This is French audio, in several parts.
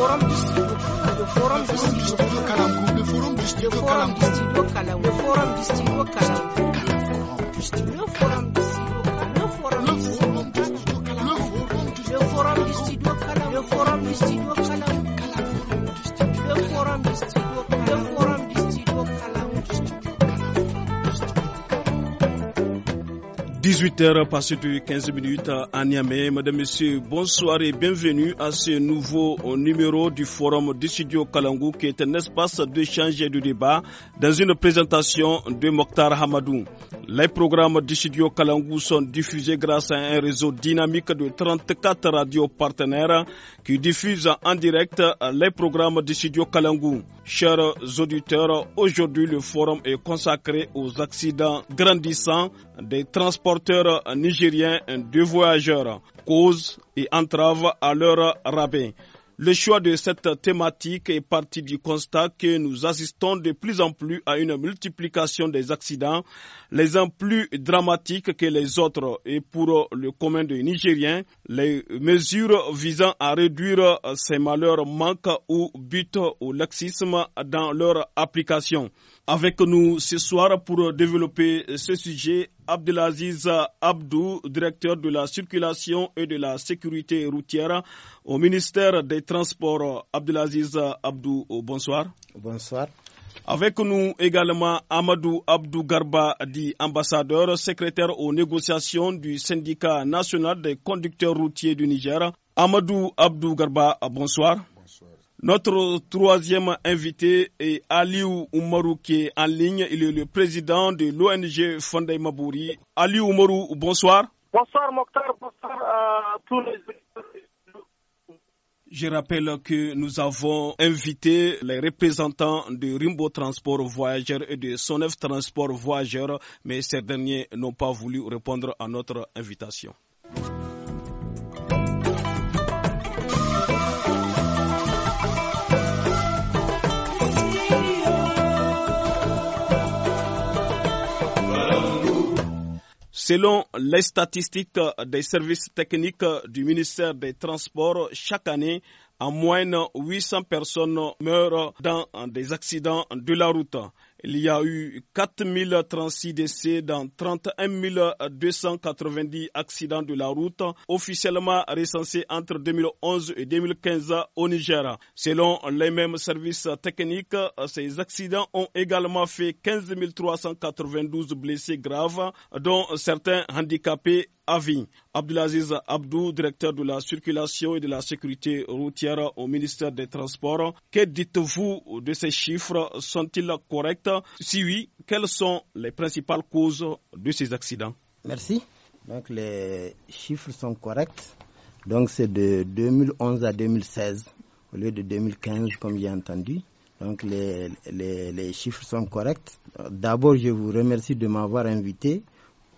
forum district the forum district kalam the forum district kalam the forum district kalam the forum district kalam the forum district kalam the forum district kalam the forum district kalam 18h passé de 15 minutes à Niamey. Mesdames, Messieurs, bonsoir et bienvenue à ce nouveau numéro du Forum du Studio Kalangou qui est un espace d'échange et de débat dans une présentation de Mokhtar Hamadou. Les programmes du Studio Kalangou sont diffusés grâce à un réseau dynamique de 34 radios partenaires qui diffusent en direct les programmes du Studio Kalangou. Chers auditeurs, aujourd'hui le forum est consacré aux accidents grandissants des transports Nigérien, nigériens de voyageurs, cause et entravent à leur rabais. Le choix de cette thématique est parti du constat que nous assistons de plus en plus à une multiplication des accidents, les uns plus dramatiques que les autres. Et pour le commun des Nigériens, les mesures visant à réduire ces malheurs manquent ou butent au laxisme dans leur application. Avec nous ce soir pour développer ce sujet, Abdelaziz Abdou, directeur de la circulation et de la sécurité routière au ministère des Transports. Abdelaziz Abdou, bonsoir. Bonsoir. Avec nous également Amadou Abdou Garba, dit ambassadeur, secrétaire aux négociations du syndicat national des conducteurs routiers du Niger. Amadou Abdou Garba, bonsoir. Notre troisième invité est Aliou Oumarou qui est en ligne. Il est le président de l'ONG Fonday Mabouri. Aliou Oumarou, bonsoir. Bonsoir Mokhtar, bonsoir à tous les je rappelle que nous avons invité les représentants de Rimbo Transport Voyageurs et de Sonef Transport Voyageurs, mais ces derniers n'ont pas voulu répondre à notre invitation. Selon les statistiques des services techniques du ministère des Transports, chaque année, en moyenne, 800 personnes meurent dans des accidents de la route. Il y a eu 4036 décès dans 31 290 accidents de la route officiellement recensés entre 2011 et 2015 au Niger. Selon les mêmes services techniques, ces accidents ont également fait 15 392 blessés graves, dont certains handicapés avis. Abdulaziz Abdou, directeur de la circulation et de la sécurité routière au ministère des Transports, que dites-vous de ces chiffres Sont-ils corrects Si oui, quelles sont les principales causes de ces accidents Merci. Donc les chiffres sont corrects. Donc c'est de 2011 à 2016 au lieu de 2015 comme j'ai entendu. Donc les, les, chiffres sont corrects. D'abord, je vous remercie de m'avoir invité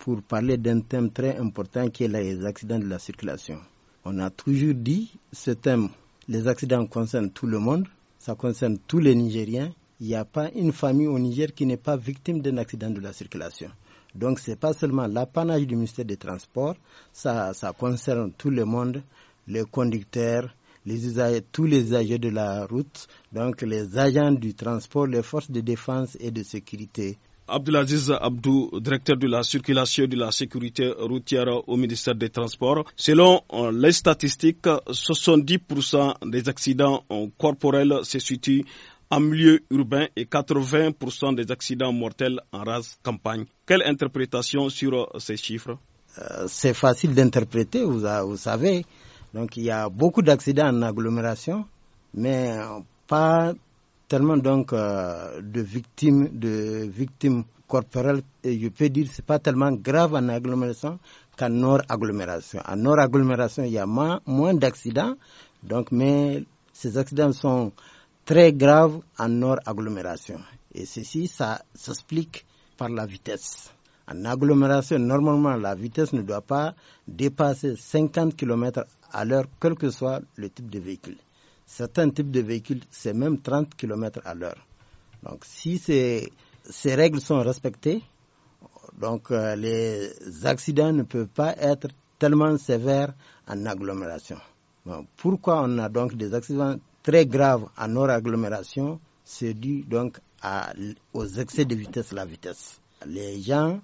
pour parler d'un thème très important qui est les accidents de la circulation. On a toujours dit ce thème, les accidents concernent tout le monde, ça concerne tous les Nigériens. Il n'y a pas une famille au Niger qui n'est pas victime d'un accident de la circulation. Donc ce n'est pas seulement l'apanage du ministère des Transports, ça, ça concerne tout le monde, les conducteurs, les tous les usagers de la route, donc les agents du transport, les forces de défense et de sécurité Abdelaziz Abdou, directeur de la circulation de la sécurité routière au ministère des Transports. Selon euh, les statistiques, 70% des accidents euh, corporels se situent en milieu urbain et 80% des accidents mortels en rase campagne. Quelle interprétation sur euh, ces chiffres C'est facile d'interpréter, vous, vous, savez. Donc il y a beaucoup d'accidents en agglomération, mais pas tellement donc euh, de victimes, de victimes corporelles, et je peux dire c'est pas tellement grave en agglomération qu'en nord agglomération. En nord agglomération, il y a moins, moins d'accidents, donc mais ces accidents sont très graves en nord agglomération. Et ceci, ça s'explique par la vitesse. En agglomération, normalement, la vitesse ne doit pas dépasser 50 km à l'heure, quel que soit le type de véhicule. Certains types de véhicules, c'est même 30 km à l'heure. Donc si ces, ces, règles sont respectées, donc euh, les accidents ne peuvent pas être tellement sévères en agglomération. pourquoi on a donc des accidents très graves en hors agglomération C'est dû donc aux excès de vitesse, la vitesse. Les gens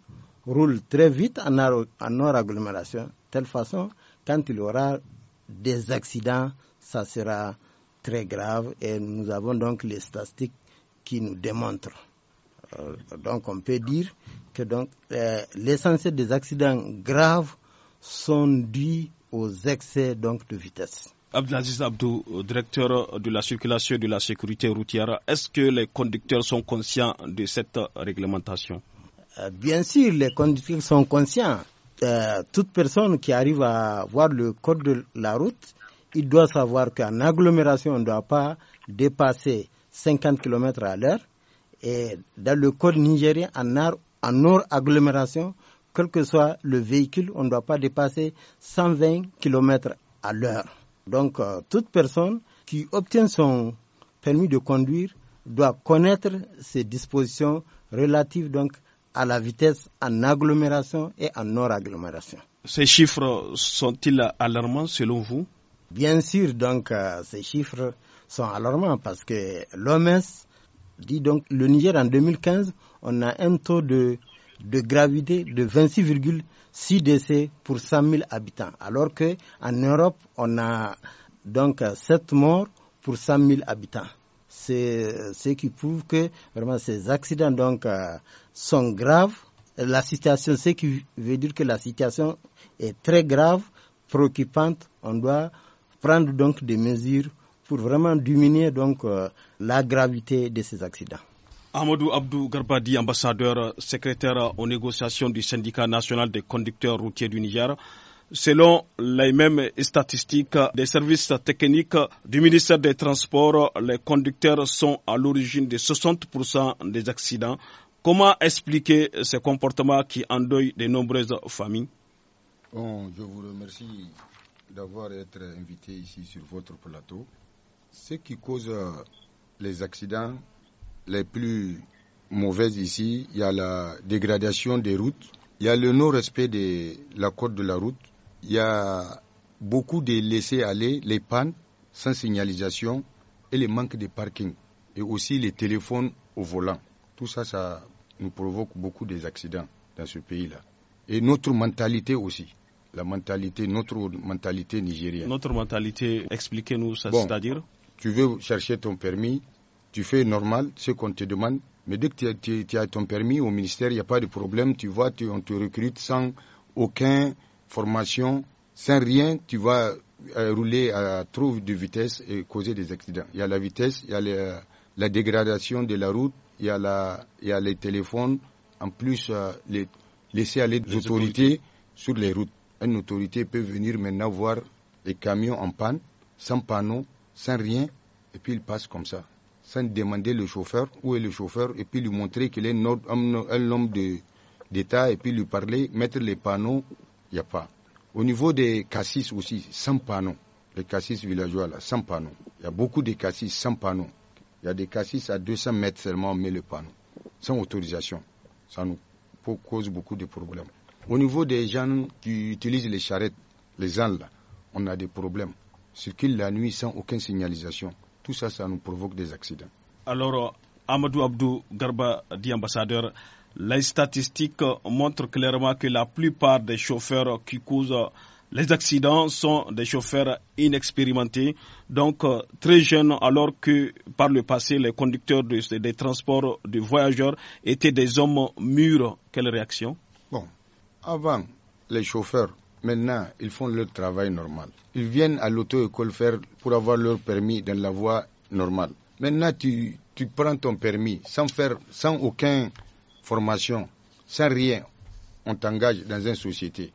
roulent très vite en, en hors agglomération, telle façon, quand il y aura des accidents, ça sera très grave et nous avons donc les statistiques qui nous démontrent. Euh, donc on peut dire que donc euh, l'essentiel des accidents graves sont dus aux excès donc de vitesse. Abdelaziz Abdou, directeur de la circulation et de la sécurité routière, est-ce que les conducteurs sont conscients de cette réglementation euh, Bien sûr, les conducteurs sont conscients. toute personne qui arrive à voir le code de la route il doit savoir qu'en agglomération, on ne doit pas dépasser 50 km à l'heure. Et dans le code nigérien, en, agglomération, quel que soit le véhicule, on ne doit pas dépasser 120 km à l'heure. Donc, euh, toute personne qui obtient son permis de conduire doit connaître ces dispositions relatives donc à la vitesse en agglomération et en nord-agglomération. Ces chiffres sont-ils alarmants selon vous Bien sûr, donc, euh, ces chiffres sont alarmants parce que l'OMS dit donc le Niger en 2015, on a un taux de, de gravité de 26,6 décès pour 100 000 habitants, alors que en Europe, on a donc 7 morts pour 100 000 habitants. C'est ce qui prouve que vraiment ces accidents donc euh, sont graves. La situation, ce qui veut dire que la situation est très grave, préoccupante. On doit prendre donc des mesures pour vraiment diminuer donc euh, la gravité de ces accidents. Amadou Abdou Garbadi, ambassadeur secrétaire aux négociations du syndicat national des conducteurs routiers du Niger. Selon les mêmes statistiques des services techniques du ministère des Transports, les conducteurs sont à l'origine de 60% des accidents. Comment expliquer ce comportement qui endeuille de nombreuses familles je vous remercie d'avoir été invité ici sur votre plateau. Ce qui cause les accidents les plus mauvais ici, il y a la dégradation des routes, il y a le non-respect de la côte de la route, il y a beaucoup de laisser-aller, les pannes sans signalisation et le manque de parking et aussi les téléphones au volant. Tout ça, ça nous provoque beaucoup d'accidents accidents dans ce pays-là. Et notre mentalité aussi la mentalité, notre mentalité nigérienne. Notre mentalité, expliquez-nous ça, c'est-à-dire Tu veux chercher ton permis, tu fais normal ce qu'on te demande, mais dès que tu as, ton permis au ministère, il n'y a pas de problème, tu vois, tu, on te recrute sans aucune formation, sans rien, tu vas euh, rouler à trop de vitesse et causer des accidents. Il y a la vitesse, il y a la dégradation de la route, il y a, la, il les téléphones, en plus, euh, les, laisser aller les autorités sur les routes une autorité peut venir maintenant voir les camions en panne, sans panneau, sans rien, et puis il passe comme ça, sans demander le chauffeur, où est le chauffeur, et puis lui montrer qu'il est un homme d'État, et puis lui parler, mettre les panneaux, il n'y a pas. Au niveau des cassis aussi, sans panneau, les cassis villageois là, sans panneau. Il y a beaucoup de cassis sans panneau. Il y a des cassis à 200 mètres seulement, on met le panneau, sans autorisation. Ça nous cause beaucoup de problèmes. Au niveau des gens qui utilisent les charrettes, les ânes, on a des problèmes. Circulent la nuit sans aucune signalisation. Tout ça, ça nous provoque des accidents. Alors, Amadou Abdou Garba, dit ambassadeur, les statistiques montrent clairement que la plupart des chauffeurs qui causent les accidents sont des chauffeurs inexpérimentés, donc euh, très jeunes, alors que par le passé, les conducteurs des transports de voyageurs étaient des hommes mûrs. Quelle réaction avant, les chauffeurs, maintenant, ils font leur travail normal. Ils viennent à l'auto-école faire pour avoir leur permis dans la voie normale. Maintenant, tu, tu prends ton permis sans faire, sans aucune formation, sans rien. On t'engage dans une société.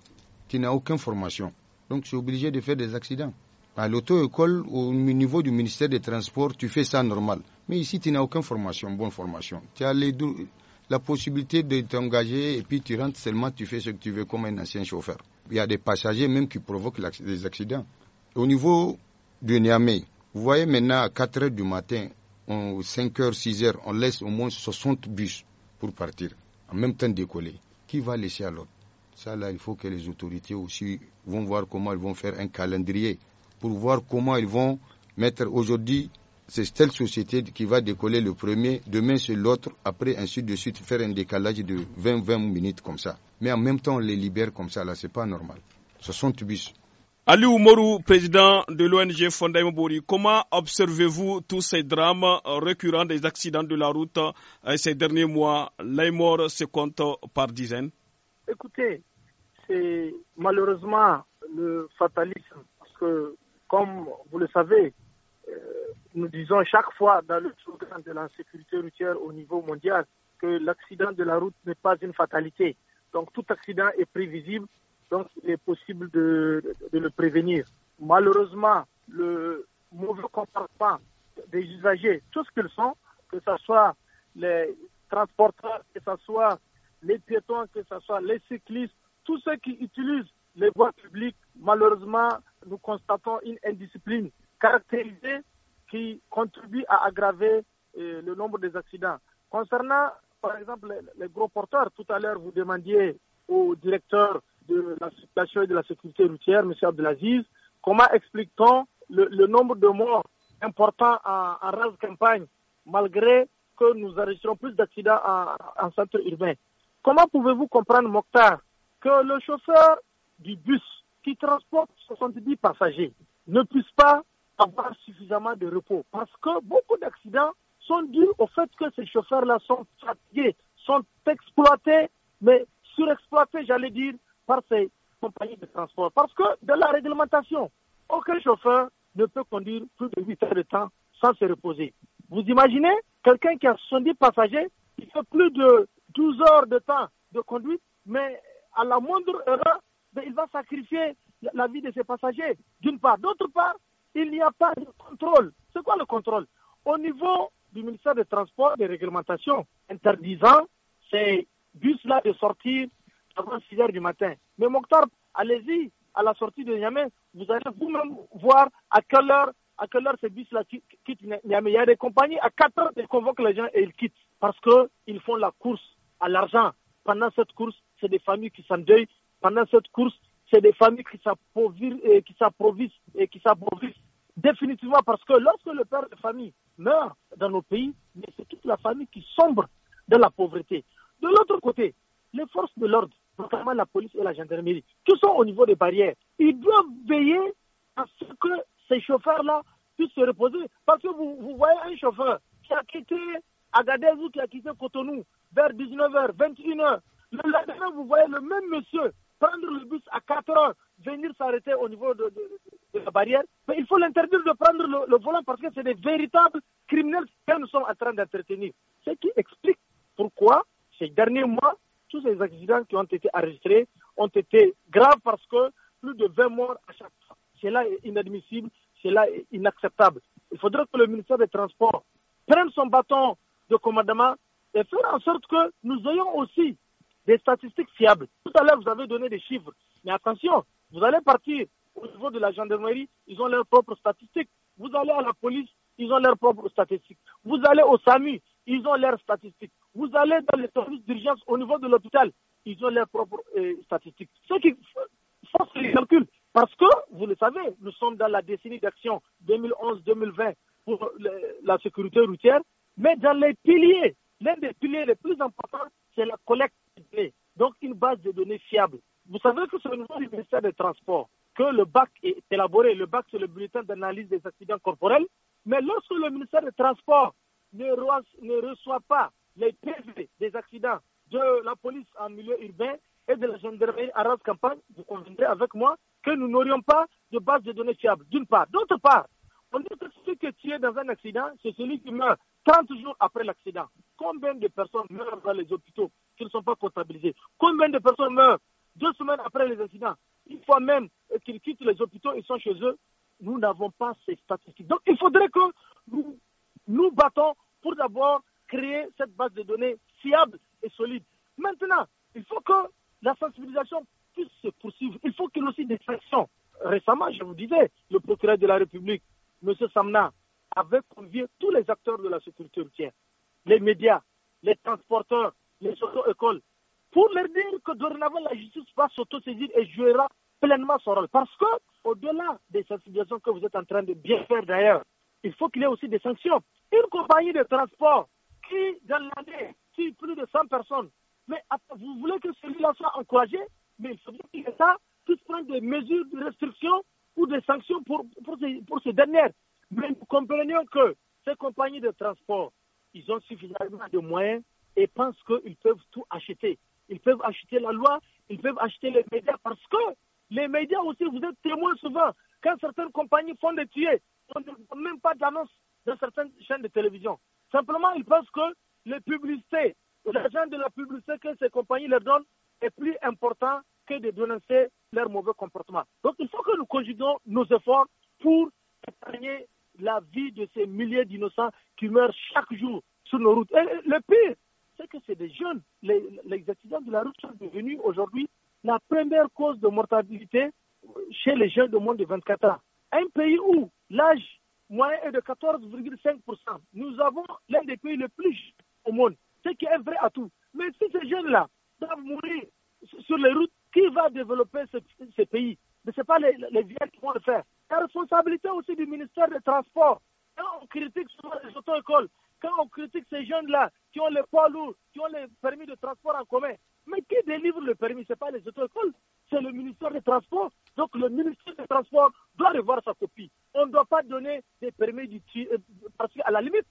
Tu n'as aucune formation. Donc, tu es obligé de faire des accidents. À l'auto-école, au niveau du ministère des Transports, tu fais ça normal. Mais ici, tu n'as aucune formation, bonne formation. Tu as les la possibilité de t'engager et puis tu rentres seulement, tu fais ce que tu veux comme un ancien chauffeur. Il y a des passagers même qui provoquent des accidents. Au niveau du Niamey, vous voyez maintenant à 4 h du matin, 5 h 6 h on laisse au moins 60 bus pour partir, en même temps décoller. Qui va laisser à l'autre Ça là, il faut que les autorités aussi vont voir comment ils vont faire un calendrier pour voir comment ils vont mettre aujourd'hui c'est telle société qui va décoller le premier, demain c'est l'autre, après ainsi de suite, faire un décalage de 20-20 minutes comme ça. Mais en même temps, on les libère comme ça, là, c'est pas normal. Ce sont tubus. Ali Mourou, président de l'ONG Fonday Mbori, comment observez-vous tous ces drames récurrents des accidents de la route euh, ces derniers mois Les morts se comptent par dizaines Écoutez, c'est malheureusement le fatalisme, parce que, comme vous le savez, euh, nous disons chaque fois dans le programme de la sécurité routière au niveau mondial que l'accident de la route n'est pas une fatalité. Donc tout accident est prévisible, donc il est possible de, le prévenir. Malheureusement, le mauvais comportement des usagers, tout ce qu'ils sont, que ce soit les transporteurs, que ce soit les piétons, que ce soit les cyclistes, tous ceux qui utilisent les voies publiques, malheureusement, nous constatons une indiscipline caractérisée qui contribuent à aggraver euh, le nombre des accidents. Concernant, par exemple, les, gros porteurs, tout à l'heure, vous demandiez au directeur de la situation et de la sécurité routière, M. Abdelaziz, comment explique-t-on le, nombre de morts importants en, en campagne, malgré que nous enregistrons plus d'accidents en, en, centre urbain Comment pouvez-vous comprendre, Mokhtar, que le chauffeur du bus qui transporte 70 passagers ne puisse pas avoir suffisamment de repos. Parce que beaucoup d'accidents sont dus au fait que ces chauffeurs-là sont fatigués, sont exploités, mais surexploités, j'allais dire, par ces compagnies de transport. Parce que de la réglementation, aucun chauffeur ne peut conduire plus de 8 heures de temps sans se reposer. Vous imaginez quelqu'un qui a 70 passagers, il fait plus de 12 heures de temps de conduite, mais à la moindre erreur, ben, il va sacrifier la vie de ses passagers, d'une part. D'autre part, il n'y a pas de contrôle. C'est quoi le contrôle Au niveau du ministère des Transports, des réglementations interdisant ces bus-là de sortir avant 6 heures du matin. Mais Mokhtar, allez-y, à la sortie de Niamey, vous allez vous-même voir à quelle heure, à quelle heure ces bus-là quittent Niamey. Il y a des compagnies, à 4 heures, ils convoquent les gens et ils quittent parce qu'ils font la course à l'argent. Pendant cette course, c'est des familles qui s'endeuillent. Pendant cette course, c'est des familles qui s'approvisent et euh, euh, qui s'approvisent définitivement parce que lorsque le père de famille meurt dans nos pays, c'est toute la famille qui sombre dans la pauvreté. De l'autre côté, les forces de l'ordre, notamment la police et la gendarmerie, qui sont au niveau des barrières, ils doivent veiller à ce que ces chauffeurs-là puissent se reposer. Parce que vous, voyez un chauffeur qui a quitté Agadez ou qui a quitté Cotonou vers 19h, 21h. Le lendemain, vous voyez le même monsieur prendre le bus à 4 heures, venir s'arrêter au niveau de, la barrière. Mais il faut l'interdire de prendre le, volant parce que c'est des véritables criminels que nous sommes en train d'entretenir. Ce qui explique pourquoi, ces derniers mois, tous ces accidents qui ont été enregistrés ont été graves parce que plus de 20 morts à chaque fois. Cela est inadmissible, cela est inacceptable. Il faudrait que le ministère des Transports prenne son bâton de commandement et faire en sorte que nous ayons aussi des statistiques fiables. Tout à l'heure, vous avez donné des chiffres. Mais attention, vous allez partir au niveau de la gendarmerie, ils ont leurs propres statistiques. Vous allez à la police, ils ont leurs propres statistiques. Vous allez au SAMU, ils ont leurs statistiques. Vous allez dans les services d'urgence au niveau de l'hôpital, ils ont leurs propres euh, statistiques. Ce qui force les calculs, parce que, vous le savez, nous sommes dans la décennie d'action 2011-2020 pour la sécurité routière, mais dans les piliers, l'un des piliers les plus importants, c'est la collecte Donc une base de données fiable. Vous savez que c'est au niveau du ministère des Transports que le BAC est élaboré. Le BAC, c'est le bulletin d'analyse des accidents corporels. Mais lorsque le ministère des Transports ne, reçoit pas les PV des accidents de la police en milieu urbain et de la gendarmerie à race campagne, vous conviendrez avec moi que nous n'aurions pas de base de données fiable, d'une part. D'autre part, on dit que celui qui est dans un accident, c'est celui qui meurt 30 jours après l'accident, combien de personnes meurent dans les hôpitaux qui ne sont pas comptabilisées Combien de personnes meurent deux semaines après les incidents Une fois même qu'ils quittent les hôpitaux, ils sont chez eux. Nous n'avons pas ces statistiques. Donc il faudrait que nous nous battons pour d'abord créer cette base de données fiable et solide. Maintenant, il faut que la sensibilisation puisse se poursuivre. Il faut qu'il y ait aussi des sanctions. Récemment, je vous disais, le procureur de la République, M. Samna, avec tous les acteurs de la sécurité routière, les médias, les transporteurs, les auto-écoles, pour leur dire que dorénavant la justice va s'autosaisir et jouera pleinement son rôle. Parce que, au-delà des sensibilisations que vous êtes en train de bien faire d'ailleurs, il faut qu'il y ait aussi des sanctions. Une compagnie de transport qui, dans l'année, tue plus de 100 personnes, mais vous voulez que celui-là soit encouragé, mais il faut que ça puisse prendre des mesures de restriction ou des sanctions pour, pour, dernier. pour ces dernières. Mais comprenons que ces compagnies de transport, ils ont suffisamment de moyens et pensent qu'ils peuvent tout acheter. Ils peuvent acheter la loi, ils peuvent acheter les médias parce que les médias aussi, vous êtes témoins souvent. Quand certaines compagnies font des tués, on n'a même pas d'annonce dans certaines chaînes de télévision. Simplement, ils pensent que les publicités, l'argent de la publicité que ces compagnies leur donnent est plus important que de dénoncer leur mauvais comportement. Donc, il faut que nous conjuguons nos efforts pour épargner la vie de ces milliers d'innocents qui meurent chaque jour sur nos routes. Et le pire, c'est que c'est des jeunes. Les, accidents de la route sont devenus aujourd'hui la première cause de mortalité chez les jeunes de moins de 24 ans. Un pays où l'âge moyen est de 14,5%. Nous avons l'un des pays les plus au monde, ce qui est vrai à tout. Mais si ces jeunes-là doivent mourir sur les routes, qui va développer ce, pays Ce c'est pas les, les qui vont le faire la responsabilité aussi du ministère des Transports. Quand on critique souvent les auto-écoles, quand on critique ces jeunes-là qui ont les poids lourds, qui ont les permis de transport en commun, mais qui délivre le permis Ce n'est pas les auto-écoles, c'est le ministère des Transports. Donc le ministère des Transports doit revoir sa copie. On ne doit pas donner des permis de tuer, euh, parce qu'à la limite,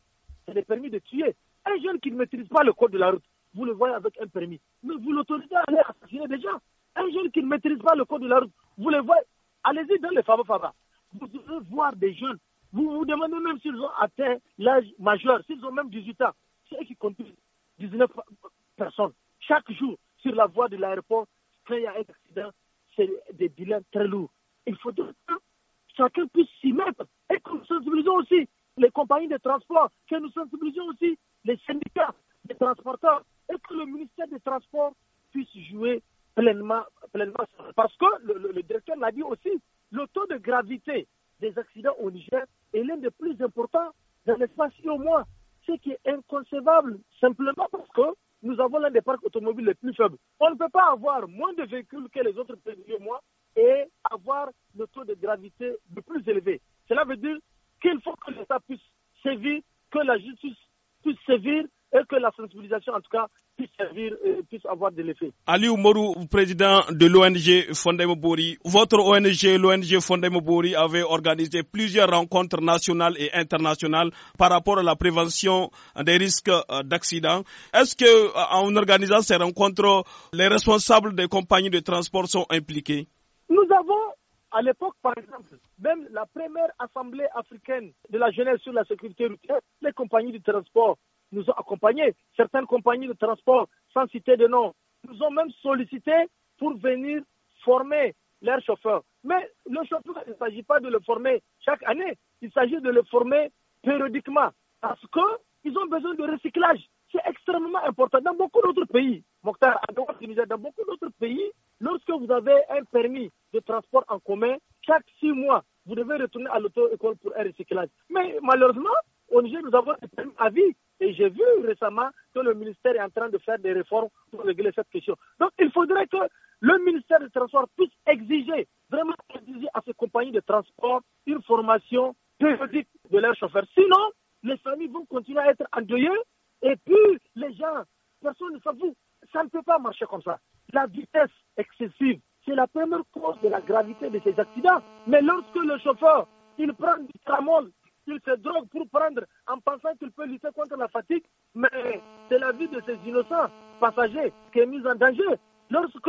c'est des permis de tuer. Un jeune qui ne maîtrise pas le code de la route, vous le voyez avec un permis, mais vous l'autorisez à aller assassiner des gens. Un jeune qui ne maîtrise pas le code de la route, vous le voyez, allez-y dans les fameux vous devez voir des jeunes. Vous vous demandez même s'ils ont atteint l'âge majeur, s'ils ont même 18 ans. C'est eux qui conduisent 19 personnes. Chaque jour, sur la voie de l'aéroport, quand il y a un accident, c'est des bilans très lourds. Il faut que chacun puisse s'y mettre et que nous sensibilisons aussi les compagnies de transport, que nous sensibilisons aussi les syndicats des transporteurs et que le ministère des Transports puisse jouer pleinement, pleinement. Parce que le, le directeur l'a dit aussi, le taux de gravité des accidents au Niger est l'un des plus importants dans l'espace au moins, ce qui est inconcevable simplement parce que nous avons l'un des parcs automobiles les plus faibles. On ne peut pas avoir moins de véhicules que les autres pays du moins et avoir le taux de gravité le plus élevé. Cela veut dire qu'il faut que l'État puisse sévir, que la justice puisse sévir est-ce que la sensibilisation, en tout cas, puisse euh, avoir de l'effet. Ali Oumarou, président de l'ONG Fondé votre ONG, l'ONG Fondé Mobori, avait organisé plusieurs rencontres nationales et internationales par rapport à la prévention des risques euh, d'accident. Est-ce que, euh, en organisant ces rencontres, les responsables des compagnies de transport sont impliqués? Nous avons à l'époque, par exemple, même la première assemblée africaine de la jeunesse sur la sécurité routière, les compagnies de transport nous ont accompagné Certaines compagnies de transport, sans citer de nom, nous ont même sollicité pour venir former leurs chauffeurs. Mais le chauffeur, il ne s'agit pas de le former chaque année, il s'agit de le former périodiquement parce qu'ils ont besoin de recyclage. C'est extrêmement important. Dans beaucoup d'autres pays, Mokhtar, dans beaucoup d'autres pays, lorsque vous avez un permis de transport en commun, chaque six mois, vous devez retourner à l'auto-école pour un recyclage. Mais malheureusement, au Niger, nous avons un avis. à et j'ai vu récemment que le ministère est en train de faire des réformes pour régler cette question. Donc il faudrait que le ministère des Transports puisse exiger, vraiment exiger à ces compagnies de transport une formation périodique de leurs chauffeurs. Sinon, les familles vont continuer à être endeuillées et puis les gens, personne ne s'avoue. Ça ne peut pas marcher comme ça. La vitesse excessive, c'est la première cause de la gravité de ces accidents. Mais lorsque le chauffeur, il prend du tramol qu'il se drogue pour prendre en pensant qu'il peut lutter contre la fatigue, mais c'est la vie de ces innocents passagers qui est mise en danger. Lorsque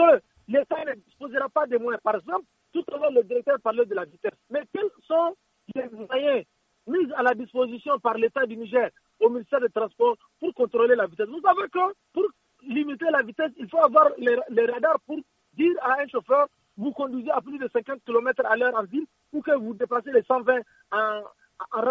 l'État ne disposera pas des moyens, par exemple, tout à l'heure le directeur parlait de la vitesse, mais quels sont les moyens mis à la disposition par l'État du Niger au ministère des Transports pour contrôler la vitesse Vous savez que pour limiter la vitesse, il faut avoir les, radars pour dire à un chauffeur vous conduisez à plus de 50 km à l'heure en ville ou que vous dépassez les 120 en,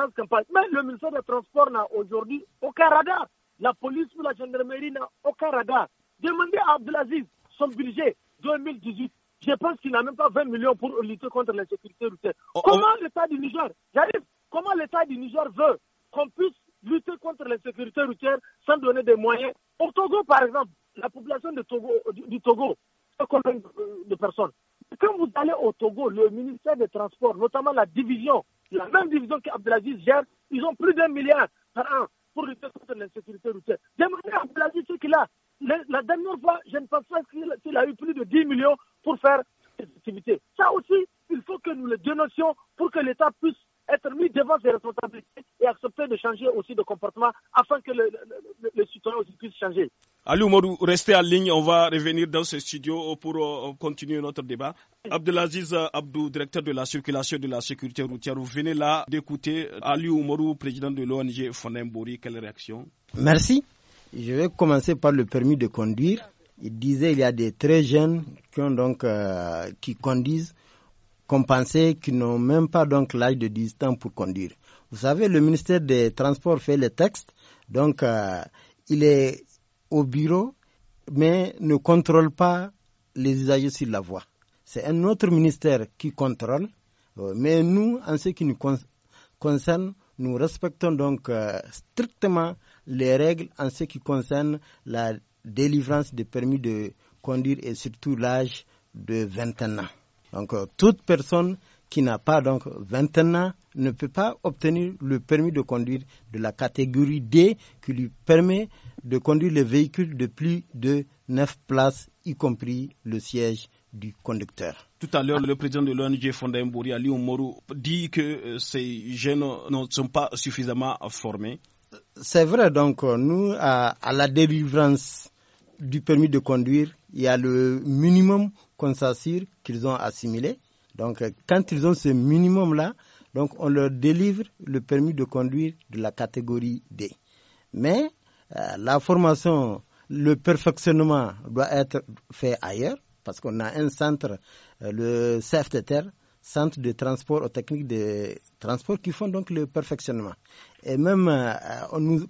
en campagne. Mais le ministère des Transports n'a aujourd'hui aucun radar. La police ou la gendarmerie n'a aucun radar. Demandez à Abdelaziz son budget 2018. Je pense qu'il n'a même pas 20 millions pour lutter contre la sécurité routière. Oh, oh. comment l'État du Niger, j'arrive, comment l'État du Niger veut qu'on puisse lutter contre la sécurité routière sans donner des moyens Au Togo, par exemple, la population de du, du Togo, c'est combien euh, de personnes Quand vous allez au Togo, le ministère des Transports, notamment la division la même division qu'Abdelaziz gère, ils ont plus d'un milliard par an pour lutter contre l'insécurité routière. Demandez Abdelaziz ce qu'il a. La dernière fois, je ne pense pas qu'il a eu plus de 10 millions pour faire cette activité. Ça aussi, il faut que nous le dénoncions pour que l'État puisse être mis devant ses responsabilités et accepter de changer aussi de comportement afin que le, le, citoyen aussi puisse changer. Ali Oumarou, restez en ligne, on va revenir dans ce studio pour euh, continuer notre débat. Abdelaziz Abdou, directeur de la circulation de la sécurité routière, vous venez là d'écouter Ali Oumarou, président de l'ONG Fonembori. Quelle réaction Merci. Je vais commencer par le permis de conduire. Il disait il y a des très jeunes qui, donc, euh, qui conduisent compensés qui n'ont même pas donc l'âge de 18 ans pour conduire. Vous savez, le ministère des Transports fait le texte. donc euh, il est au bureau, mais ne contrôle pas les usagers sur la voie. C'est un autre ministère qui contrôle, euh, mais nous, en ce qui nous concerne, nous respectons donc euh, strictement les règles en ce qui concerne la délivrance des permis de conduire et surtout l'âge de 21 ans. Donc, euh, toute personne qui n'a pas donc 21 ans ne peut pas obtenir le permis de conduire de la catégorie D qui lui permet de conduire les véhicules de plus de 9 places, y compris le siège du conducteur. Tout à l'heure, le président de l'ONG Fondain Mbouri Ali dit que euh, ces jeunes ne sont pas suffisamment formés. C'est vrai, donc, euh, nous, à, la délivrance du permis de conduire, il y a le minimum qu'on s'assure qu'ils ont assimilé. Donc, euh, quand ils ont ce minimum-là, donc on leur délivre le permis de conduire de la catégorie D. Mais euh, la formation, le perfectionnement doit être fait ailleurs, parce qu'on a un centre, euh, le CFTR, Centre de transport aux techniques de transport, qui font donc le perfectionnement. Et même,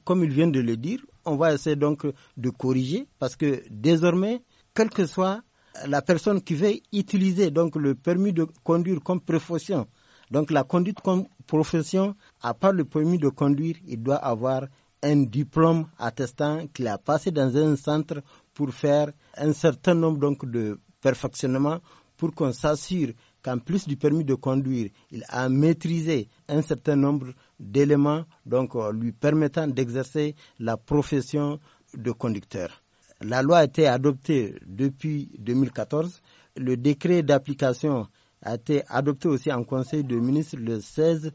comme il vient de le dire, on va essayer donc de corriger, parce que désormais, quel que soit la personne qui veut utiliser donc le permis de conduire comme profession, donc la conduite comme profession, à part le permis de conduire, il doit avoir un diplôme attestant qu'il a passé dans un centre pour faire un certain nombre donc de perfectionnements pour qu'on s'assure qu'en plus du permis de conduire, il a maîtrisé un certain nombre d'éléments donc euh, lui permettant d'exercer la profession de conducteur. La loi a été adoptée depuis 2014. Le décret d'application a été adopté aussi en Conseil de ministres le 16,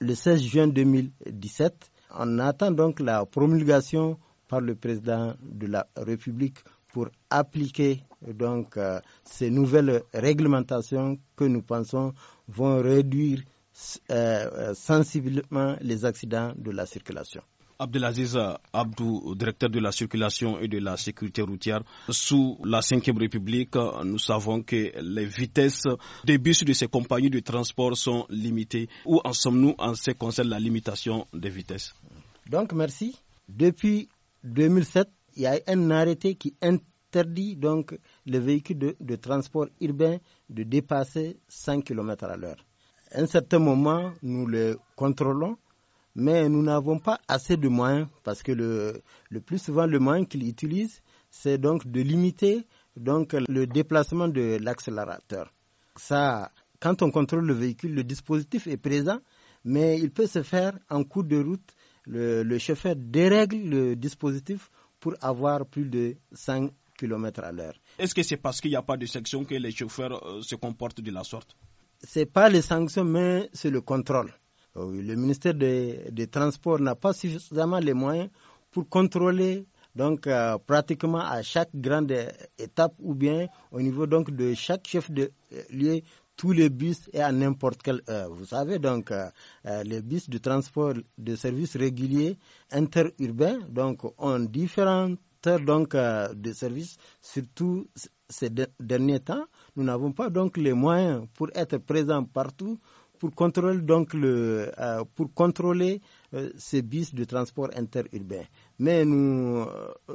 le 16 juin 2017. On attend donc la promulgation par le président de la République pour appliquer donc euh, ces nouvelles réglementations que nous pensons vont réduire euh, euh, sensiblement les accidents de la circulation. Abdelaziz Abdou, directeur de la circulation et de la sécurité routière. Sous la Ve République, nous savons que les vitesses des bus de ces compagnies de transport sont limitées. Où en sommes-nous en ce qui concerne la limitation des vitesses Donc, merci. Depuis 2007, il y a un arrêté qui interdit donc les véhicules de, transport urbain de dépasser 100 km à l'heure. À un certain moment, nous le contrôlons mais nous n'avons pas assez de moyens parce que le, le plus souvent le moyen qu'ils utilisent, c'est donc de limiter donc le déplacement de l'accélérateur. Ça, quand on contrôle le véhicule, le dispositif est présent, mais il peut se faire en cours de route. Le, le chauffeur dérègle le dispositif pour avoir plus de 5 km à l'heure. Est-ce que c'est parce qu'il n'y a pas de sanctions que les chauffeurs euh, se comportent de la sorte Ce n'est pas les sanctions, mais c'est le contrôle. Euh, le ministère des, Transports n'a pas suffisamment les moyens pour contrôler donc euh, pratiquement à chaque grande étape ou bien au niveau donc de chaque chef de lieu tous les bus et à n'importe quelle heure. Vous savez donc euh, les bus de transport de services réguliers interurbains donc ont différentes heures de services surtout ces derniers temps. Nous n'avons pas donc les moyens pour être présents partout pour contrôler donc le, euh, pour contrôler euh, ces bus de transport interurbain. Mais euh,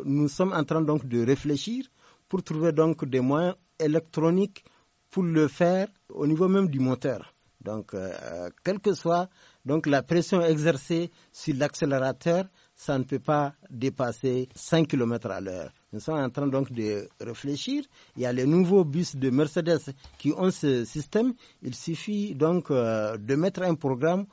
nous, sommes en train donc de réfléchir pour trouver donc des moyens électroniques pour le faire au niveau même du moteur. Donc, quelle que soit donc la pression exercée sur l'accélérateur, ça ne peut pas dépasser 5 km à l'heure. Nous sommes en train donc de réfléchir. Il y a les nouveaux bus de Mercedes qui ont ce système. Il suffit donc euh, de mettre un programme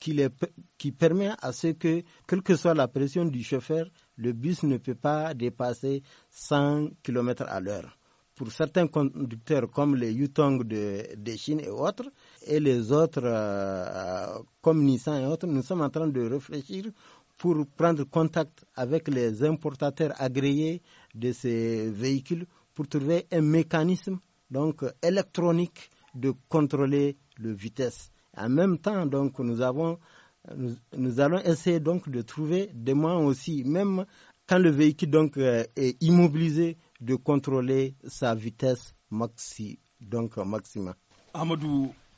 qui, permet à ce que, quelle que soit la pression du chauffeur, le bus ne peut pas dépasser 100 km à l'heure. Pour certains conducteurs comme les Yutong de, Chine et autres, et les autres euh, comme Nissan et autres, nous sommes en train de réfléchir pour prendre contact avec les importateurs agréés de ces véhicules pour trouver un mécanisme donc électronique de contrôler le vitesse. En même temps, donc nous avons nous, allons essayer donc de trouver des moyens aussi, même quand le véhicule donc euh, est immobilisé, de contrôler sa vitesse maxi, donc maximum.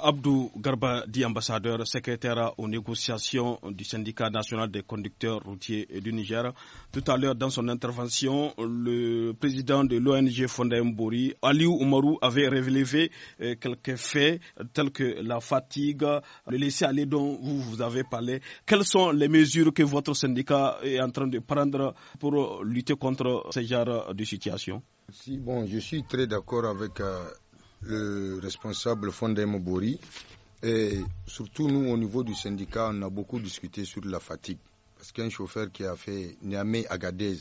Abdou Garba, dit ambassadeur, secrétaire aux négociations du syndicat national des conducteurs routiers du Niger. Tout à l'heure, dans son intervention, le président de l'ONG Fonda Mbouri, Aliou Oumarou, avait révélé euh, quelques faits tels que la fatigue, le laisser-aller dont vous, vous avez parlé. Quelles sont les mesures que votre syndicat est en train de prendre pour lutter contre ce genre de situation? Si, bon, je suis très d'accord avec. Euh, le responsable Fondé Mobori. Et surtout, nous, au niveau du syndicat, on a beaucoup discuté sur la fatigue. Parce qu'un chauffeur qui a fait Niamey-Agadez,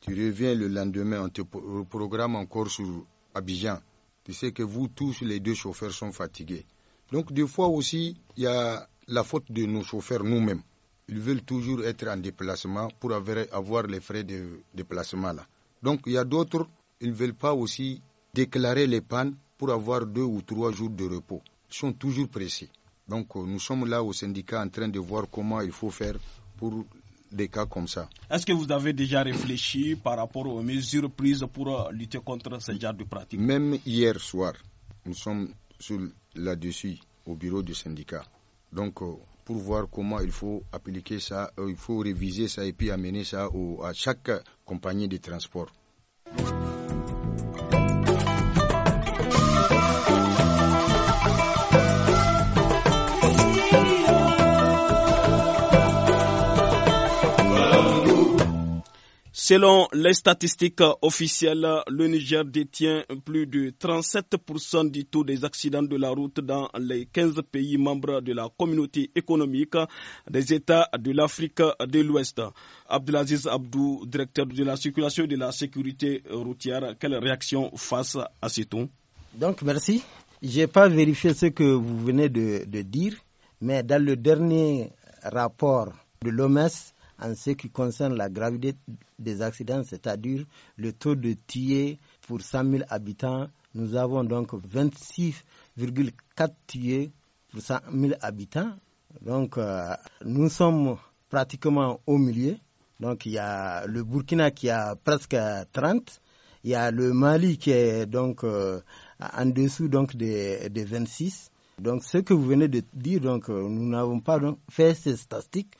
tu reviens le lendemain, on te programme encore sur Abidjan. Tu sais que vous tous, les deux chauffeurs, sont fatigués. Donc, des fois aussi, il y a la faute de nos chauffeurs nous-mêmes. Ils veulent toujours être en déplacement pour avoir, les frais de déplacement là. Donc, il y a d'autres, ils ne veulent pas aussi déclarer les pannes pour avoir deux ou trois jours de repos. Ils sont toujours pressés. Donc euh, nous sommes là au syndicat en train de voir comment il faut faire pour des cas comme ça. Est-ce que vous avez déjà réfléchi par rapport aux mesures prises pour euh, lutter contre ce genre de pratiques Même hier soir, nous sommes là-dessus au bureau du syndicat. Donc euh, pour voir comment il faut appliquer ça, il faut réviser ça et puis amener ça à chaque compagnie de transport. Selon les statistiques officielles, le Niger détient plus de 37% du taux des accidents de la route dans les 15 pays membres de la communauté économique des États de l'Afrique de l'Ouest. Abdelaziz Abdou, directeur de la circulation et de la sécurité routière, quelle réaction face à ce taux Donc merci. Je n'ai pas vérifié ce que vous venez de, de dire, mais dans le dernier rapport de l'OMS, en ce qui concerne la gravité des accidents, c'est-à-dire le taux de tués pour 100 000 habitants. Nous avons donc 26,4 tués pour 100 000 habitants. Donc, euh, nous sommes pratiquement au milieu. Donc, il y a le Burkina qui a presque 30. Il y a le Mali qui est donc euh, en dessous donc des, 26. Donc, ce que vous venez de dire, donc, euh, nous n'avons pas donc, fait ces statistiques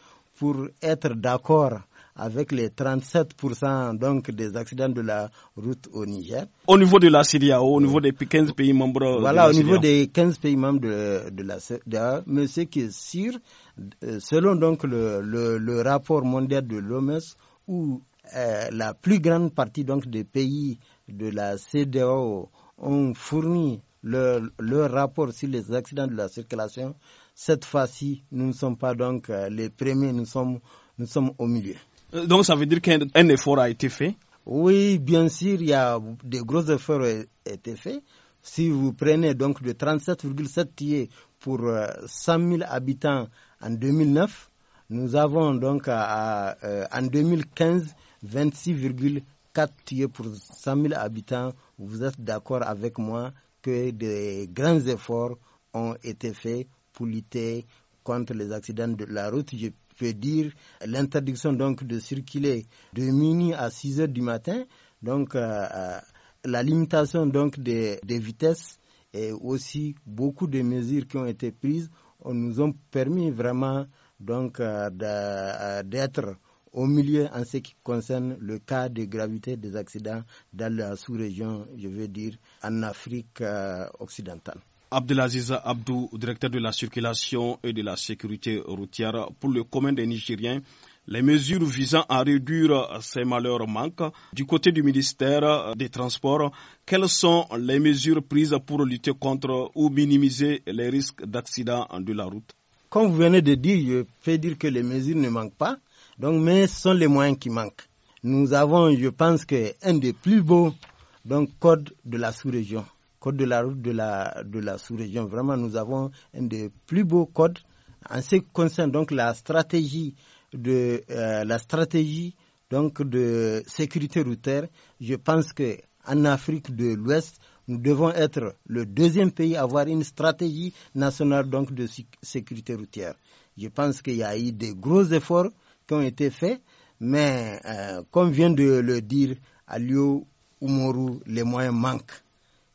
pour être d'accord avec les 37% donc des accidents de la route au Niger. Au niveau de la CDAO, au niveau des 15 pays membres Voilà, de la au niveau des 15 pays membres de, la CDAO, mais ce qui est sûr, euh, selon donc le, rapport mondial de l'OMS, où euh, la plus grande partie donc des pays de la CDAO ont fourni leur, leur rapport sur les accidents de la circulation, cette fois-ci, nous ne sommes pas donc euh, les premiers, nous sommes, nous sommes au milieu. Euh, donc ça veut dire qu'un effort a été fait Oui, bien sûr, il y a des gros efforts ont été faits. Si vous prenez donc de 37,7 tiers pour 100 euh, 000 habitants en 2009, nous avons donc en 2015 26,4 tiers pour 100 000 habitants. Vous êtes d'accord avec moi que des grands efforts ont été faits pour lutter contre les accidents de la route. Je peux dire l'interdiction donc de circuler de minuit à 6 heures du matin, donc euh, euh, la limitation donc des, vitesses et aussi beaucoup de mesures qui ont été prises on nous ont permis vraiment donc euh, d'être au milieu en ce qui concerne le cas de gravité des accidents dans la sous-région, je veux dire en Afrique occidentale. Abdelaziz Abdou, directeur de la circulation et de la sécurité routière pour le commun des Nigériens. Les mesures visant à réduire ces malheurs manquent. Du côté du ministère des Transports, quelles sont les mesures prises pour lutter contre ou minimiser les risques d'accidents de la route Comme vous venez de dire, je fais dire que les mesures ne manquent pas, donc, mais ce sont les moyens qui manquent. Nous avons, je pense, que un des plus beaux codes de la sous-région code de la route de la, de la sous-région. Vraiment, nous avons un des plus beaux codes en ce qui concerne donc la stratégie de euh, la stratégie donc de sécurité routière. Je pense que en Afrique de l'Ouest, nous devons être le deuxième pays à avoir une stratégie nationale donc de sécurité routière. Je pense qu'il y a eu des gros efforts qui ont été faits, mais euh, comme vient de le dire Alio Umoru, les moyens manquent.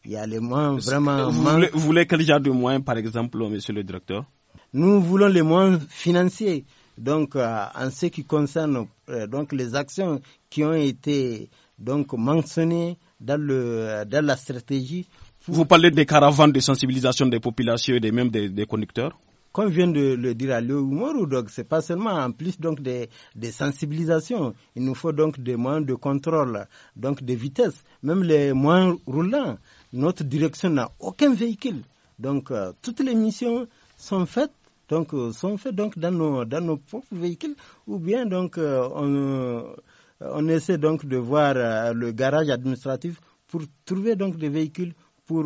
Il y a les moyens vraiment. Vous voulez, vous voulez, quel genre de moyens, par exemple, monsieur le directeur Nous voulons les moyens financiers. Donc, euh, en ce qui concerne euh, donc les actions qui ont été donc mentionnées dans, le, dans la stratégie. Vous parlez des caravanes de sensibilisation des populations et même des, conducteurs comme vient de le dire à Léo donc c'est pas seulement en plus donc des, des, sensibilisations. Il nous faut donc des moyens de contrôle, donc des vitesses, même les moyens roulants. Notre direction n'a aucun véhicule. Donc, euh, toutes les missions sont faites donc euh, sont donc dans nos dans nos propres véhicules ou bien donc euh, on, on, essaie donc de voir le garage administratif pour trouver donc des véhicules pour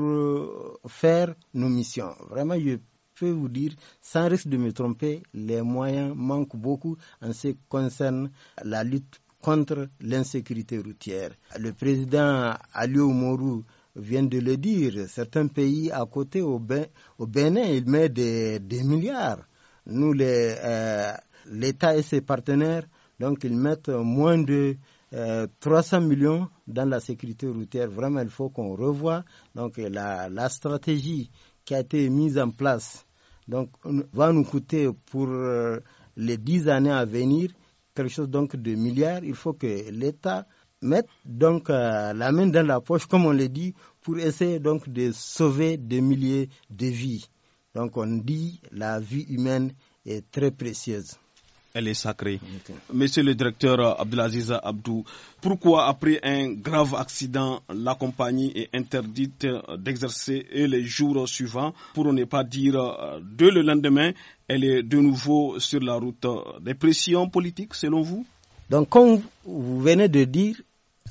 faire nos missions. Vraiment, je peux vous dire, sans risque de me tromper, les moyens manquent beaucoup en ce qui concerne la lutte contre l'insécurité routière. Le président Aliou Mourou vient de le dire, certains pays à côté au, Bénin, ils mettent des, des milliards. Nous, euh, l'État et ses partenaires, donc ils mettent moins de 300 euh, millions dans la sécurité routière. Vraiment, il faut qu'on revoie donc la, stratégie qui a été mise en place. Donc, va nous coûter pour euh, les 10 années à venir quelque chose donc de milliards. Il faut que l'État mettre donc euh, la main dans la poche, comme on le dit, pour essayer donc de sauver des milliers de vies. Donc on dit la vie humaine est très précieuse. Elle est sacrée. Monsieur le directeur euh, Abdelaziz Abdou, pourquoi après un grave accident, la compagnie est interdite euh, d'exercer les jours suivants, pour ne pas dire dès le lendemain, elle est de nouveau sur la route des pressions politiques selon vous donc, comme vous venez de dire,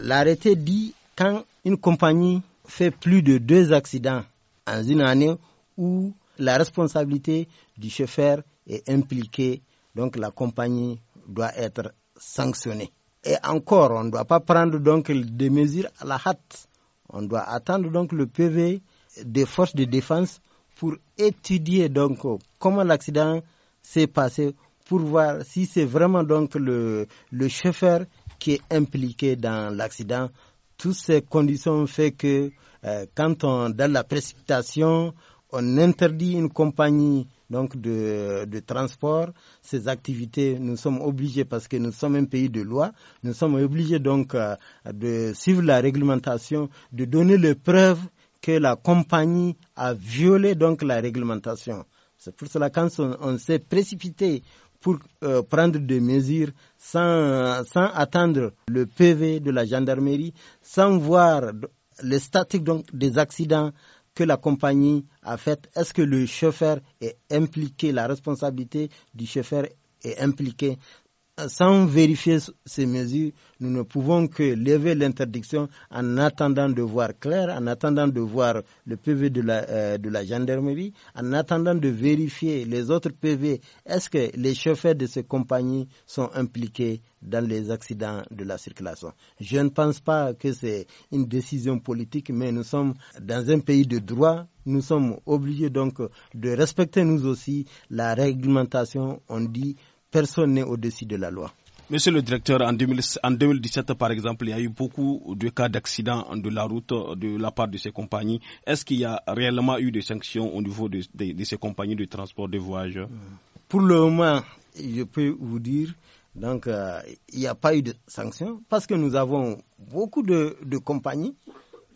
l'arrêté dit quand une compagnie fait plus de deux accidents en une année où la responsabilité du chauffeur est impliquée, donc la compagnie doit être sanctionnée. Et encore, on ne doit pas prendre donc des mesures à la hâte. On doit attendre donc le PV des forces de défense pour étudier donc comment l'accident s'est passé, pour voir si c'est vraiment donc le, le chauffeur qui est impliqué dans l'accident, toutes ces conditions font que euh, quand on dans la précipitation, on interdit une compagnie donc de, de, transport, ces activités, nous sommes obligés, parce que nous sommes un pays de loi, nous sommes obligés donc euh, de suivre la réglementation, de donner les preuves que la compagnie a violé donc la réglementation. C'est pour cela quand on, on s'est précipité pour euh, prendre des mesures sans, sans, attendre le PV de la gendarmerie, sans voir les statistiques des accidents que la compagnie a fait. Est-ce que le chauffeur est impliqué, la responsabilité du chauffeur est impliquée sans vérifier ces mesures, nous ne pouvons que lever l'interdiction en attendant de voir clair, en attendant de voir le PV de la, euh, de la gendarmerie, en attendant de vérifier les autres PV. Est-ce que les chauffeurs de ces compagnies sont impliqués dans les accidents de la circulation Je ne pense pas que c'est une décision politique, mais nous sommes dans un pays de droit nous sommes obligés donc de respecter nous aussi la réglementation. On dit personne n'est au-dessus de la loi. Monsieur le directeur, en, 2017, par exemple, il y a eu beaucoup de cas d'accidents de la route de la part de ces compagnies. Est-ce qu'il y a réellement eu des sanctions au niveau de, ces compagnies de transport de voyageurs euh, Pour le moment, je peux vous dire, donc, euh, il n'y a pas eu de sanctions parce que nous avons beaucoup de, compagnies.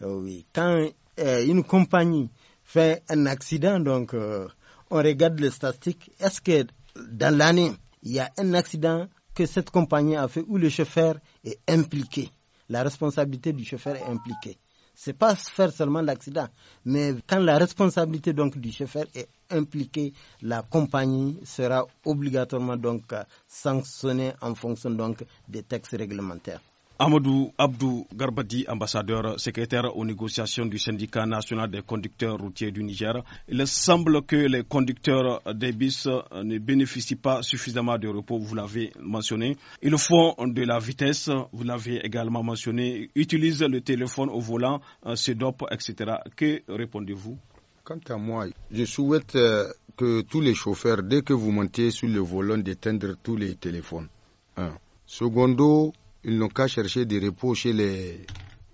Euh, quand une compagnie fait un accident, donc, on regarde les statistiques. Est-ce que dans l'année, il y a un accident que cette compagnie a fait où le chauffeur est impliqué. La responsabilité du chauffeur est impliquée. n'est pas faire seulement l'accident, mais quand la responsabilité donc du chauffeur est impliquée, la compagnie sera obligatoirement donc euh, sanctionnée en fonction donc des textes réglementaires. Amadou Abdou Garbadi, ambassadeur secrétaire aux négociations du syndicat national des conducteurs routiers du Niger, il semble que les conducteurs des bus ne bénéficient pas suffisamment de repos, vous l'avez mentionné. Ils font de la vitesse, vous l'avez également mentionné, utilisent le téléphone au volant, euh, se dopent, etc. Que répondez-vous Quant à moi, je souhaite euh, que tous les chauffeurs, dès que vous montez sur le volant, d'éteindre tous les téléphones. Un. Secondo, ils n'ont qu'à chercher des repos chez les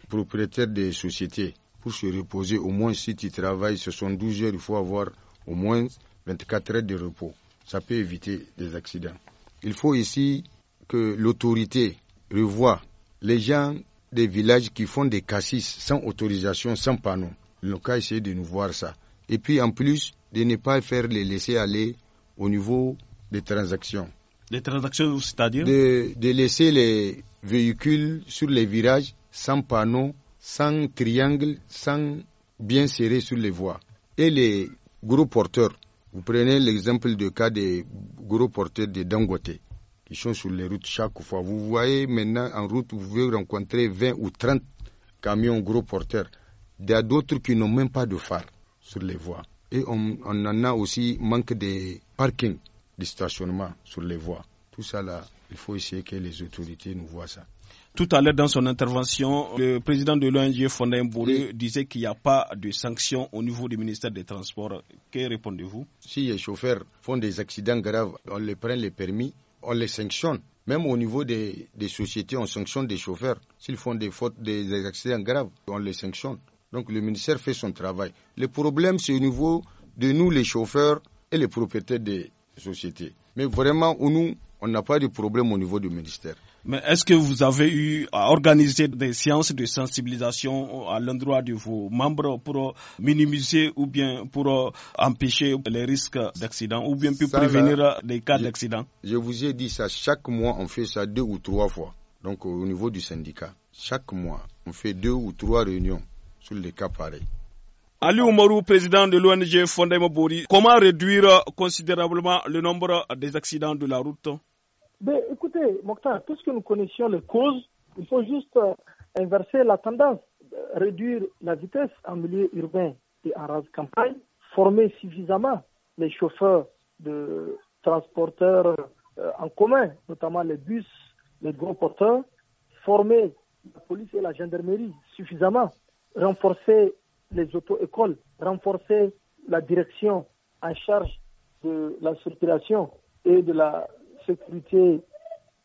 propriétaires des sociétés pour se reposer. Au moins, si tu travailles 12 heures, il faut avoir au moins 24 heures de repos. Ça peut éviter des accidents. Il faut ici que l'autorité revoie les gens des villages qui font des cassis sans autorisation, sans panneau. Ils n'ont qu'à essayer de nous voir ça. Et puis en plus, de ne pas faire les laisser aller au niveau des transactions. Des transactions, c'est-à-dire de, laisser les véhicules sur les virages, sans panneaux, sans triangle, sans bien serré sur les voies. Et les gros porteurs, vous prenez l'exemple du cas des gros porteurs de Dangote, qui sont sur les routes chaque fois. Vous voyez maintenant en route, vous pouvez rencontrer 20 ou 30 camions gros porteurs. Il y a d'autres qui n'ont même pas de phare sur les voies. Et on, on en a aussi manque de parking, de stationnement sur les voies tout ça là, il faut essayer que les autorités nous voient ça. Tout à l'heure, dans son intervention, le président de l'ONG, Fondain disait qu'il n'y a pas de sanctions au niveau du ministère des Transports. Que répondez-vous Si les chauffeurs font des accidents graves, on les prend les permis, on les sanctionne. Même au niveau des, sociétés, on sanctionne des chauffeurs. S'ils font des fautes, des, accidents graves, on les sanctionne. Donc le ministère fait son travail. Le problème, c'est au niveau de nous, les chauffeurs et les propriétaires des sociétés. Mais vraiment, nous, on n'a pas de problème au niveau du ministère. Mais est-ce que vous avez eu à organiser des séances de sensibilisation à l'endroit de vos membres pour minimiser ou bien pour empêcher les risques d'accident ou bien pour prévenir les cas d'accident Je vous ai dit ça, chaque mois on fait ça deux ou trois fois. Donc au niveau du syndicat, chaque mois on fait deux ou trois réunions sur les cas pareils. Ali Oumarou, président de l'ONG Fondé Mobori, comment réduire considérablement le nombre des accidents de la route mais écoutez, ce que nous connaissions les causes, il faut juste euh, inverser la tendance, réduire la vitesse en milieu urbain et en rase campagne, former suffisamment les chauffeurs de transporteurs euh, en commun, notamment les bus, les gros porteurs, former la police et la gendarmerie suffisamment, renforcer les auto-écoles, renforcer la direction en charge de la circulation et de la sécurité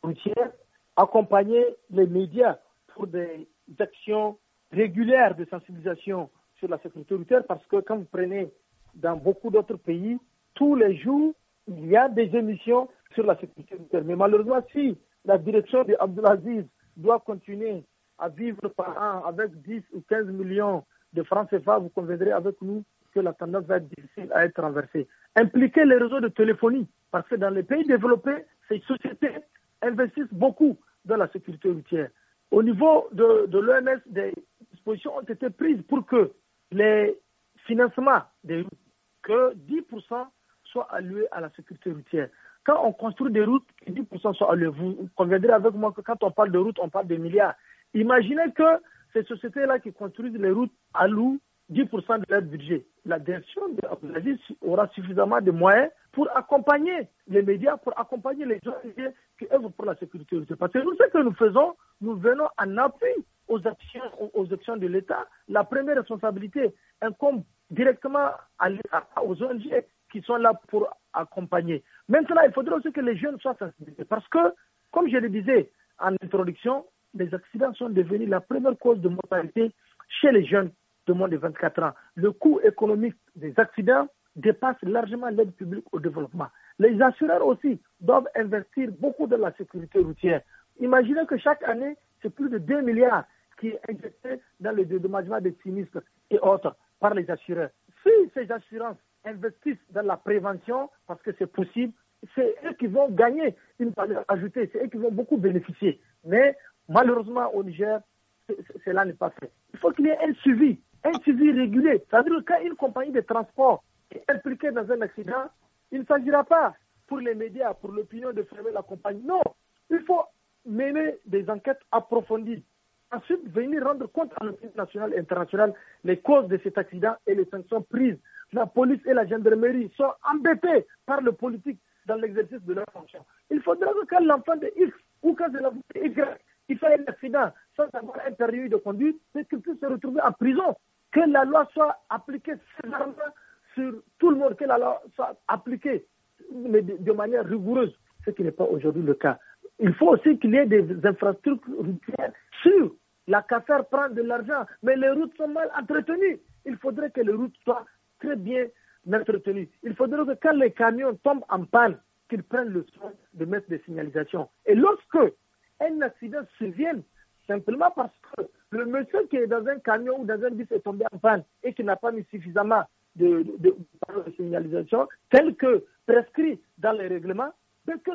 routière, accompagner les médias pour des actions régulières de sensibilisation sur la sécurité routière, parce que quand vous prenez dans beaucoup d'autres pays, tous les jours, il y a des émissions sur la sécurité routière. Mais malheureusement, si la direction de Abdelaziz doit continuer à vivre par an avec 10 ou 15 millions de francs CFA, vous conviendrez avec nous que la tendance va être difficile à être renversée. Impliquer les réseaux de téléphonie parce que dans les pays développés, ces sociétés investissent beaucoup dans la sécurité routière. Au niveau de, l'OMS, des dispositions ont été prises pour que les financements des routes, que 10% soient alloués à la sécurité routière. Quand on construit des routes, 10% soient alloués. Vous conviendrez avec moi que quand on parle de routes, on parle de milliards. Imaginez que ces sociétés-là qui construisent les routes allouent 10% de leur budget la direction de aura suffisamment de moyens pour accompagner les médias, pour accompagner les ONG qui œuvrent pour la sécurité. Parce que nous, ce que nous faisons, nous venons en appui aux actions, aux actions de l'État. La première responsabilité incombe directement aux ONG qui sont là pour accompagner. Maintenant, il faudrait aussi que les jeunes soient sensibilisés. Parce que, comme je le disais en introduction, les accidents sont devenus la première cause de mortalité chez les jeunes de moins de 24 ans. Le coût économique des accidents dépasse largement l'aide publique au développement. Les assureurs aussi doivent investir beaucoup dans la sécurité routière. Imaginez que chaque année, c'est plus de 2 milliards qui est injecté dans le dédommagement des sinistres et autres par les assureurs. Si ces assurances investissent dans la prévention, parce que c'est possible, c'est eux qui vont gagner une valeur ajoutée, c'est eux qui vont beaucoup bénéficier. Mais malheureusement, au Niger, cela n'est pas fait. Il faut qu'il y ait un suivi un suivi régulier. C'est-à-dire que quand une compagnie de transport est impliquée dans un accident, il ne s'agira pas pour les médias, pour l'opinion de fermer la compagnie. Non, il faut mener des enquêtes approfondies. Ensuite, venir rendre compte à l'opinion nationale et internationale les causes de cet accident et les sanctions prises. La police et la gendarmerie sont embêtées par le politique dans l'exercice de leurs fonctions. Il faudra que quand l'enfant de X ou quand l'enfant Y il fait un accident sans avoir un de conduite, c'est qu'il puisse se retrouver en prison que la loi soit appliquée sévèrement sur tout le monde, que la loi soit appliquée mais de, manière rigoureuse, ce qui n'est pas aujourd'hui le cas. Il faut aussi qu'il y ait des infrastructures routières sûres. La CAFER prend de l'argent, mais les routes sont mal entretenues. Il faudrait que les routes soient très bien entretenues. Il faudrait que quand les camions tombent en panne, qu'ils prennent le soin de mettre des signalisations. Et lorsque un accident vienne simplement parce que le monsieur qui est dans un camion ou dans un bus est tombé en panne et qui n'a pas mis suffisamment de, signalisation tel que prescrit dans les règlements, ben que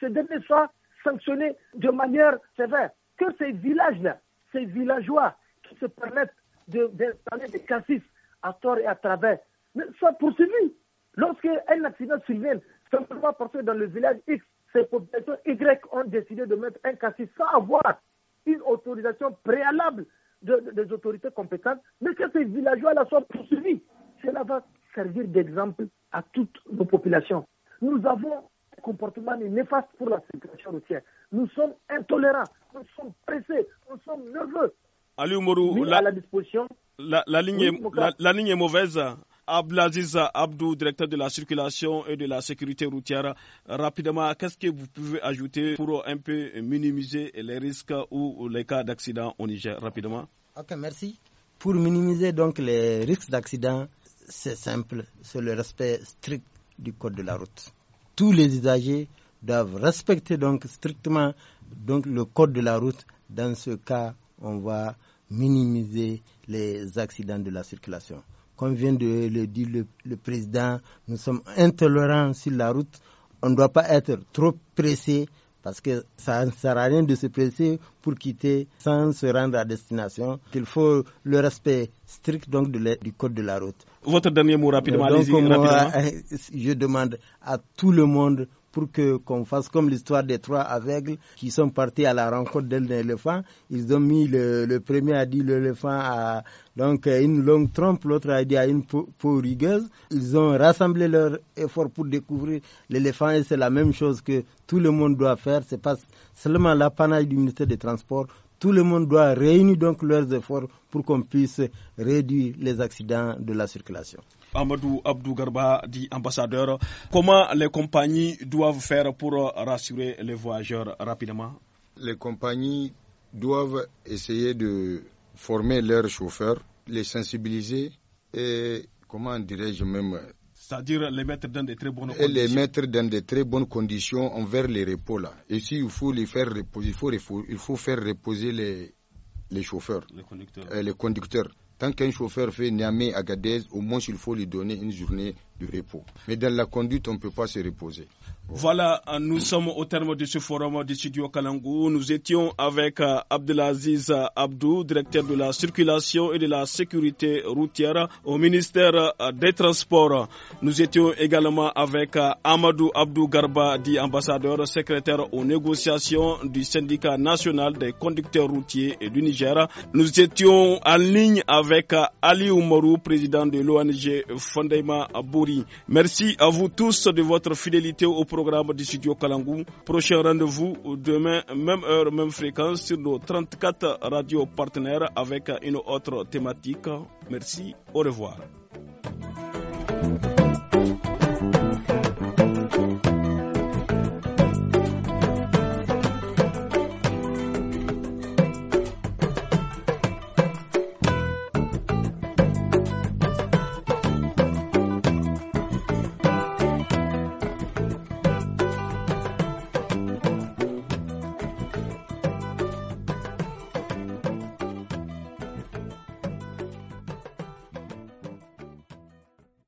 ce, dernier soit sanctionné de manière sévère. Que ces villages-là, ces villageois qui se permettent d'installer des cassis à tort et à travers, soient poursuivis. Lorsqu'un accident survient, simplement parce que dans le village X, ces populations Y ont décidé de mettre un cassis sans avoir une autorisation préalable des autorités compétentes, mais que ces villageois-là soient poursuivis. Cela va servir d'exemple à toutes nos populations. Nous avons un comportement néfaste pour la circulation routière. Nous sommes intolérants, nous sommes pressés, nous sommes nerveux. Allez, Mourou, la, la, la, ligne la, ligne est mauvaise. Abdelaziz Abdou, directeur de la circulation et de la sécurité routière. Rapidement, qu'est-ce que vous pouvez ajouter pour un peu minimiser les risques ou les cas d'accident au Niger Rapidement. Ok, merci. Pour minimiser donc les risques d'accident, c'est simple, c'est le respect strict du code de la route. Tous les usagers doivent respecter donc strictement donc le code de la route. Dans ce cas, on va minimiser les accidents de la circulation comme vient de le dire le, président, nous sommes intolérants sur la route. On ne doit pas être trop pressé parce que ça ne sert à rien de se presser pour quitter sans se rendre à destination, Il faut le respect strict donc du code de la route. Votre dernier mot rapidement, euh, rapidement. Je demande à tout le monde pour que qu'on fasse comme l'histoire des trois aveugles qui sont partis à la rencontre d'un éléphant. Ils ont mis le, premier a dit l'éléphant à donc une longue trompe, l'autre a dit à une peau, Ils ont rassemblé leurs efforts pour découvrir l'éléphant et c'est la même chose que tout le monde doit faire. C'est pas seulement l'apanage du ministère des Transports. Tout le monde doit réunir donc leurs efforts pour qu'on puisse réduire les accidents de la circulation. Amadou Abdou Garba, dit ambassadeur, comment les compagnies doivent faire pour rassurer les voyageurs rapidement Les compagnies doivent essayer de former leurs chauffeurs, les sensibiliser et, comment dirais-je même, c'est-à-dire les mettre dans de très bonnes conditions. Et les mettre dans de très bonnes conditions envers les repos là. Et si il faut les faire reposer, il faut, il faut faire reposer les, les chauffeurs, les conducteurs. Euh, Tant qu'un chauffeur fait Niamey-Agadez, au moins il faut lui donner une journée repos. Mais dans la conduite, on ne peut pas se reposer. Voilà, euh, nous sommes au terme de ce forum de studio Kalangou. Nous étions avec euh, Abdelaziz euh, Abdou, directeur de la circulation et de la sécurité routière au ministère des Transports. Nous étions également avec Amadou Abdou Garba, dit ambassadeur secrétaire aux négociations du syndicat national des conducteurs routiers du Niger. Nous étions en ligne avec Ali Oumarou, président de l'ONG Fondema Abouri Merci à vous tous de votre fidélité au programme du studio Kalangou. Prochain rendez-vous demain, même heure, même fréquence sur nos 34 radios partenaires avec une autre thématique. Merci, au revoir.